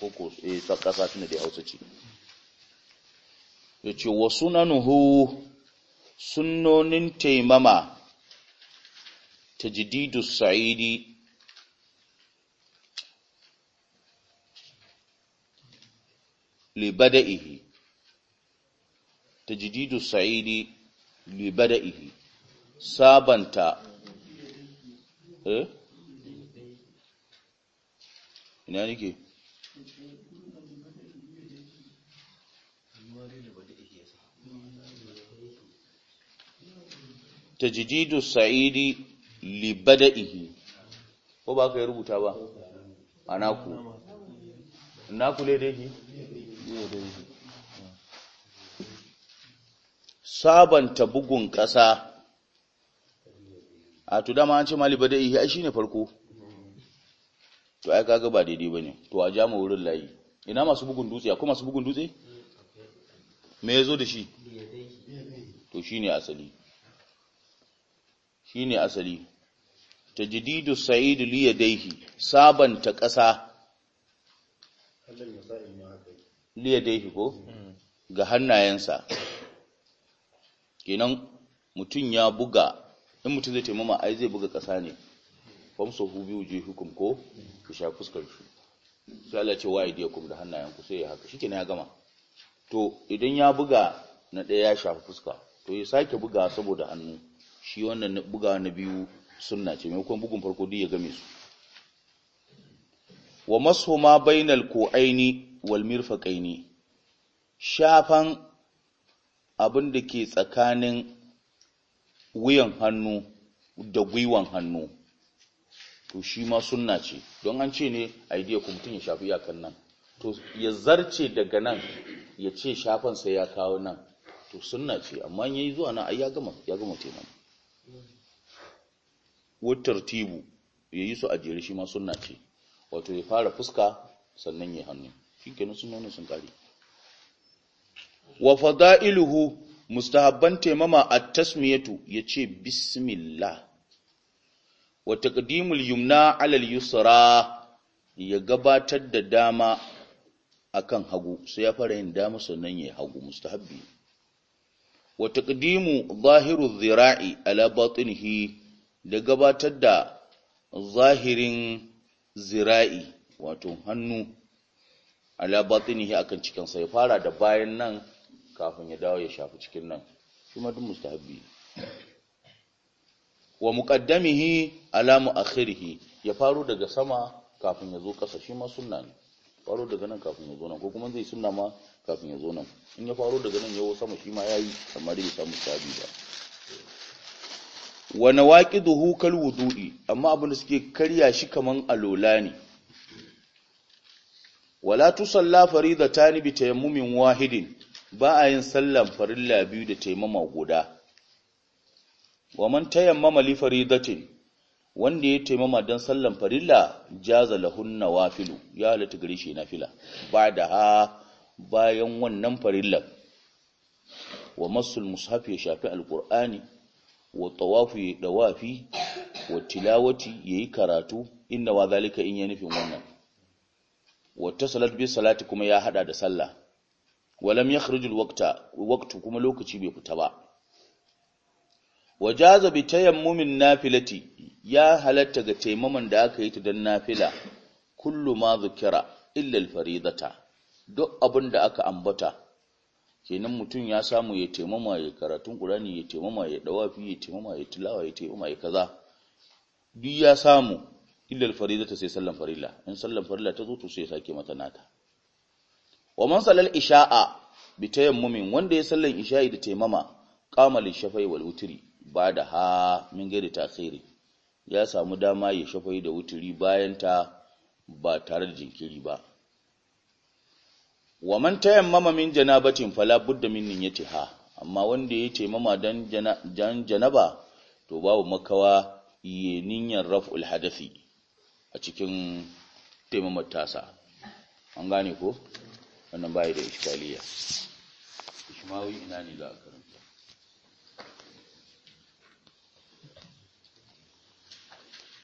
Ko koko eh kasa tunda dai Hausa ce yace wa sunanuhu sunnonin taimama tajdidu sa'idi libada'ihi tajdidu sa'idi libada'ihi sabanta eh ina nake Tajididu sa'idi li bada'ihi ko ba ka rubuta ba anaku naku le da yake sabanta bugun ƙasa a to dama an ce mali bada'ihi ai shine farko to ai kaga ba daidai bane to a jama wurin layi ina masu bugun dutse akwai masu bugun dutse me yazo da shi to shine asali shine asali tajdidu sa'id li yadayhi sabanta ƙasa li yadayhi ko ga hannayensa kenan mutun ya buga in mutun zai taimama ai zai buga ƙasa ne biyu je hukum ko ku sha fuskar shi sai Allah ce wa aydiyakum da hannayen ku sai ya haka ne ya gama to idan ya buga na ɗaya ya shafi fuska to ya sake buga saboda hannu shi wannan buga na biyu sunna ce maimakon bugun farko duk ya game su wa mashuma bainal ku'aini wal mirfaqaini shafan abin da ke tsakanin wuyan hannu da gwiwan hannu to shi ma sunna ce don an ce ne idea ku mutum ya shafi iyakan nan to ya zarce daga nan ya ce shafan sai ya kawo nan to sunna ce amma yi zuwa nan ai ya gama ya gama nan wutar tibu ya yi su a jere shi ma sunna ce wato ya fara fuska sannan ya hannu nan sunnonin sun kare wa fada'iluhu mustahabban taimama a tasmiyatu ce bismillah wa taqdimul yumna alal yusra ya gabatar da dama akan hagu sai ya fara yin dama sannan ya hagu mustahabbi wa taqdimu zahiru dhira'i ala batnihi da gabatar da zahirin zira'i wato hannu ala batnihi akan cikin sai ya fara da bayan nan kafin ya dawo ya shafi cikin nan kuma duk mustahabbi wa muqaddamihi ala muakhirihi ya faru daga sama kafin ya zo ƙasa shi ma sunna ne faru daga nan kafin ya zo nan ko kuma zai sunna ma kafin ya zo nan in ya faru daga nan yawo sama shi ma yayi kamar ya samu sabi ba wa nawaqiduhu kal wudu'i amma abin da suke karya shi kaman alola ne wala tusalla faridatan bi tayammumin wahidin ba a yin sallan farilla biyu da taimama guda wa man tayammama li faridatin wanda ya taimama don sallan farilla jaza lahun nawafilu ya halatta gare shi nafila ba da ha bayan wannan farillan wa masul mushaf ya shafi alqur'ani wa tawafu ya dawafi wa tilawati yayi karatu inna wa zalika in ya nufin wannan wa tasalat bi salati kuma ya hada da sallah wa lam yakhrijul waqta waqtu kuma lokaci bai fita ba wajaza bi tayammumin nafilati ya halatta ga taimaman da aka yi ta dan nafila kullu ma zukira illa alfaridata duk abin da aka ambata kenan mutum ya samu ya taimama ya karatun qur'ani ya taimama ya dawafi ya taimama ya tilawa ya taimama ya kaza duk ya samu illa alfaridata sai sallan farilla in sallan farilla ta zo to sai sake mata nata wa man sallal isha'a bi tayammumin wanda ya sallan isha'i da taimama qama lishafai wal utri ba da ha min gairi takhiri ya samu dama ya shafai da wuturi bayan ta ba tare da jinkiri ba wa man tayammama min janabatin fala budda min ha, amma wanda ya taimama dan jan janaba to babu makawa ya niyyar raf'ul hadasi a cikin taimamar tasa an gane ko wannan bai da iskaliya ishmawi ina ne za a karanta